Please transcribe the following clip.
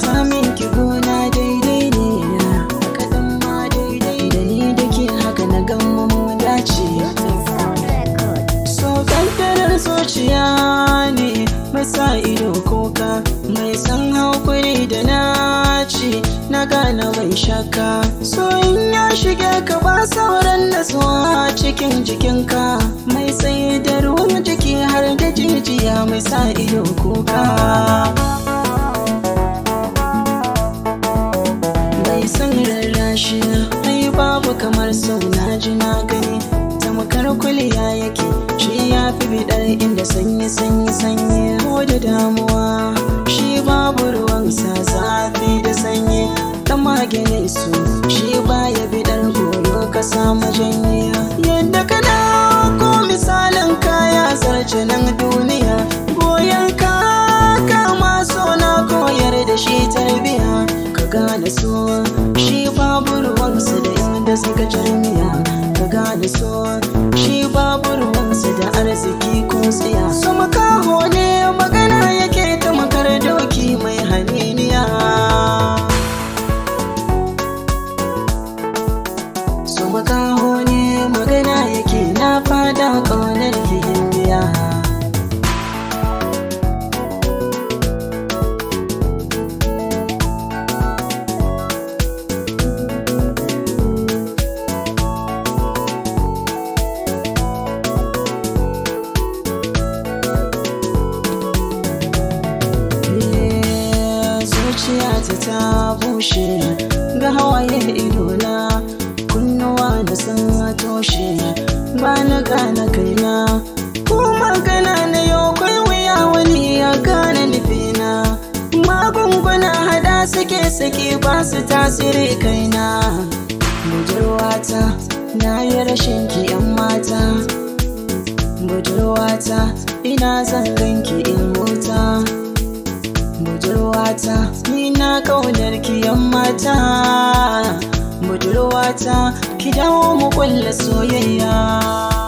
Samin ki gona daidai ne kaɗan ma daidai da ni da ke haka na gama mu dace. So kankanar zuciya ne masa ido kuka. mai san haƙuri da naci na gane bai shaka. So in shige ka ba sauran nasuwa cikin jikinka. mai sa iyo kuka mai son rarrashi na ai babu kamar suna na ji na gani tamkar kuliya yake shi ya fi bidar inda sanyi sanyi sanyi ko da damuwa shi babu ruwan sa zafi da sanyi ta maginin su shi baya bidar goyo ka samu janye so shi babu ruwansa da inda suka jarmiya ka gane so shi babu ruwansa da arziki ko tsiya su makaho ne magana yake ta makar doki mai haniniya su makaho ne magana yake na fada ƙaunar ki ta ta bushe ga hawaye idona kunnuwa da sun toshe ba na gane kaina ko magana na yau kai wuya wani ya gane nufina magunguna hada suke sake ba su tasiri kaina budurwata na yi rashin ki yan mata budurwata ina zan ganki in mota budurwata ni na kaunar kiyan mata budurwata ki dawo mu kulla soyayya